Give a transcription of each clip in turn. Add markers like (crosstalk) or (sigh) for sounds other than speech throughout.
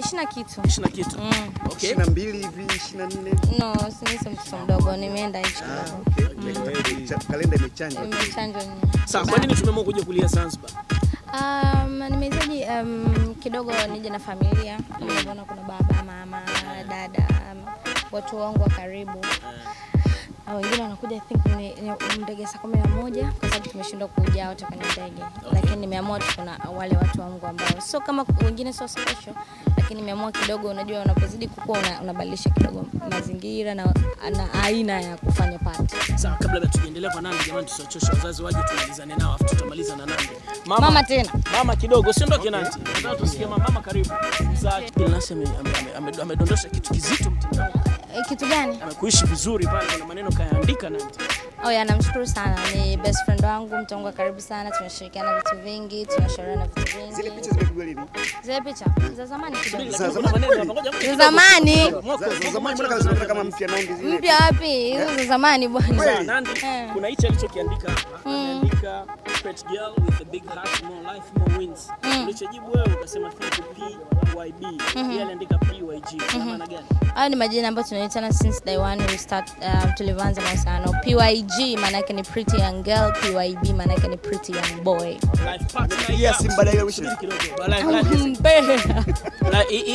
ishirini na kitu, ishirini kitu mm. okay. ishirini mbili hivi, ishirini nne No, mimi mtoto mdogo, nimeenda nchi ah, kidogo. Mm. Kalenda imechanjwa, imechanjwa. Sasa kwa nini tumeamua kuja kulia Zanzibar? Um, nimehitaji um, kidogo nije na familia kama unavyoona, kuna baba, mama, dada, um, watu wangu wa karibu. Ah wengine wanakuja I think ni, ndege saa kumi na moja kwa sababu tumeshindwa kuja wote kwenye ndege okay. Lakini nimeamua tu kuna wale watu wa Mungu ambao sio kama wengine, sio special, lakini nimeamua kidogo, unajua unapozidi kukua una, unabadilisha kidogo mazingira na, na aina ya kufanya party. Sawa, kabla tujaendelea kwa Nandy, jamani, tusiwachoshe wazazi, waje tumalizane nao afu tutamaliza na Nandy. Mama, mama tena mama kidogo, sio ndoke okay. Nandy, nataka tusikie mama. Mama karibu mzazi, Nancy amedondosha kitu kizito mtindao Eh, kitu gani? Amekuishi vizuri pale, kuna maneno kayaandika na mtu Oh ya, namshukuru sana, ni best friend wangu, mtu wangu wa karibu sana, tunashirikiana vitu vingi, tunashauriana vitu vingi. Zile picha zimepigwa lini? Zile picha za zamani kidogo. Za zamani. Za zamani. Za zamani mbona kama zinaonekana kama mpya Nandi zile. Mpya wapi? Hizo za zamani bwana. Nandi eh. kuna hicho alichokiandika, hmm. ameandika pet girl with a big heart more life more wins. Hmm. Ulichojibu wewe ukasema thank you PYB. Yeye aliandika PYG. Hmm. Maana gani? Haya ni majina ambayo tunaitana since day one we start uh, tulivyoanza mahusiano. PYG PYG manake ni pretty young girl, PYB manake ni pretty young boy. Hii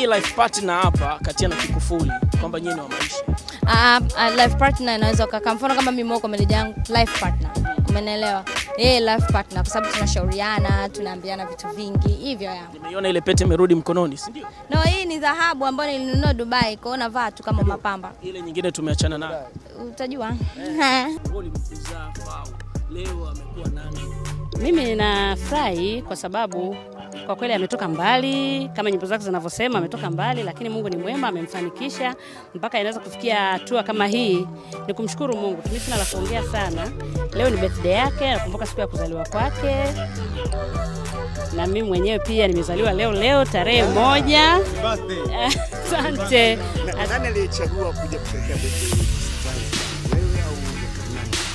ah, life partner hapa kati na kikufuli kwamba nyinyi ni wa maisha. Ah, uh, life partner inaweza kaka, mfano kama mimi wako meneja yangu life partner, umeelewa? Yeye life partner kwa sababu tunashauriana, tunaambiana vitu vingi hivyo. Ya nimeiona ile pete imerudi mkononi, si ndio? No, hii ni dhahabu ambayo nilinunua Dubai, kwa hiyo navaa tu kama mapamba. Ile nyingine tumeachana nayo utajua. Mimi ninafurahi kwa sababu kwa kweli ametoka mbali kama nyimbo zake zinavyosema, ametoka mbali, lakini Mungu ni mwema, amemfanikisha mpaka inaweza kufikia hatua kama hii. Ni kumshukuru Mungu. Mimi sina la kuongea sana. Leo ni birthday yake, nakumbuka siku ya kuzaliwa kwake, na mimi mwenyewe pia nimezaliwa leo leo tarehe moja. Asante.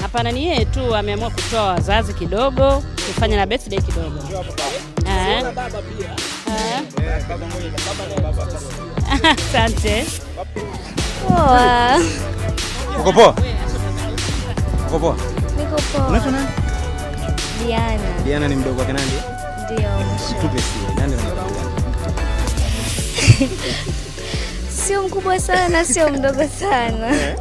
Hapana, ni yeye tu ameamua kutoa wazazi kidogo, kufanya na birthday kidogo. Eh? Asante. Poa. Uko poa? Uko poa? Niko poa. Unaitwa nani? Diana. Diana ni mdogo wake nani? Ndio. Tupe sio. Nani mdogo wake? (laughs) Sio mkubwa sana, sio mdogo sana. Eh?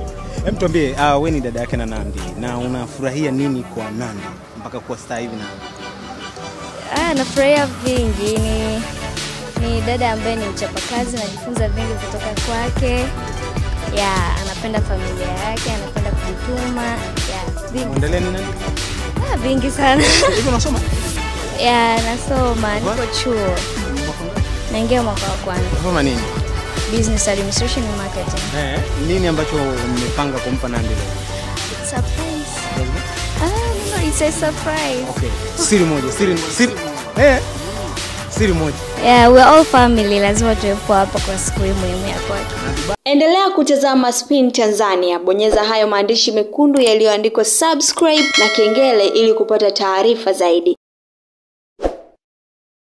Hem, tuambie, uh, wewe ni dada yake na Nandi na unafurahia nini kwa Nandi mpaka kuwa star hivi na Nandi? Ah, nafurahia vingi. Ni, ni dada ambaye ni mchapakazi, najifunza vingi kutoka kwake. Ya, anapenda familia yake, anapenda kujituma. Ya, vingi. Muendelee nini? Ah, vingi sana. (laughs) unasoma? Ya, nasoma, niko chuo. Naingia mwaka wa kwanza. Unasoma nini? Business Administration and Marketing. Eh, nini ambacho mmepanga kumpa Nandy leo? say surprise. Siri moja, siri siri eh siri moja. Yeah, we all family, lazima tuwepo hapa kwa siku hii muhimu ya kwake. Endelea kutazama Spin Tanzania, bonyeza hayo maandishi mekundu yaliyoandikwa subscribe na kengele ili kupata taarifa zaidi.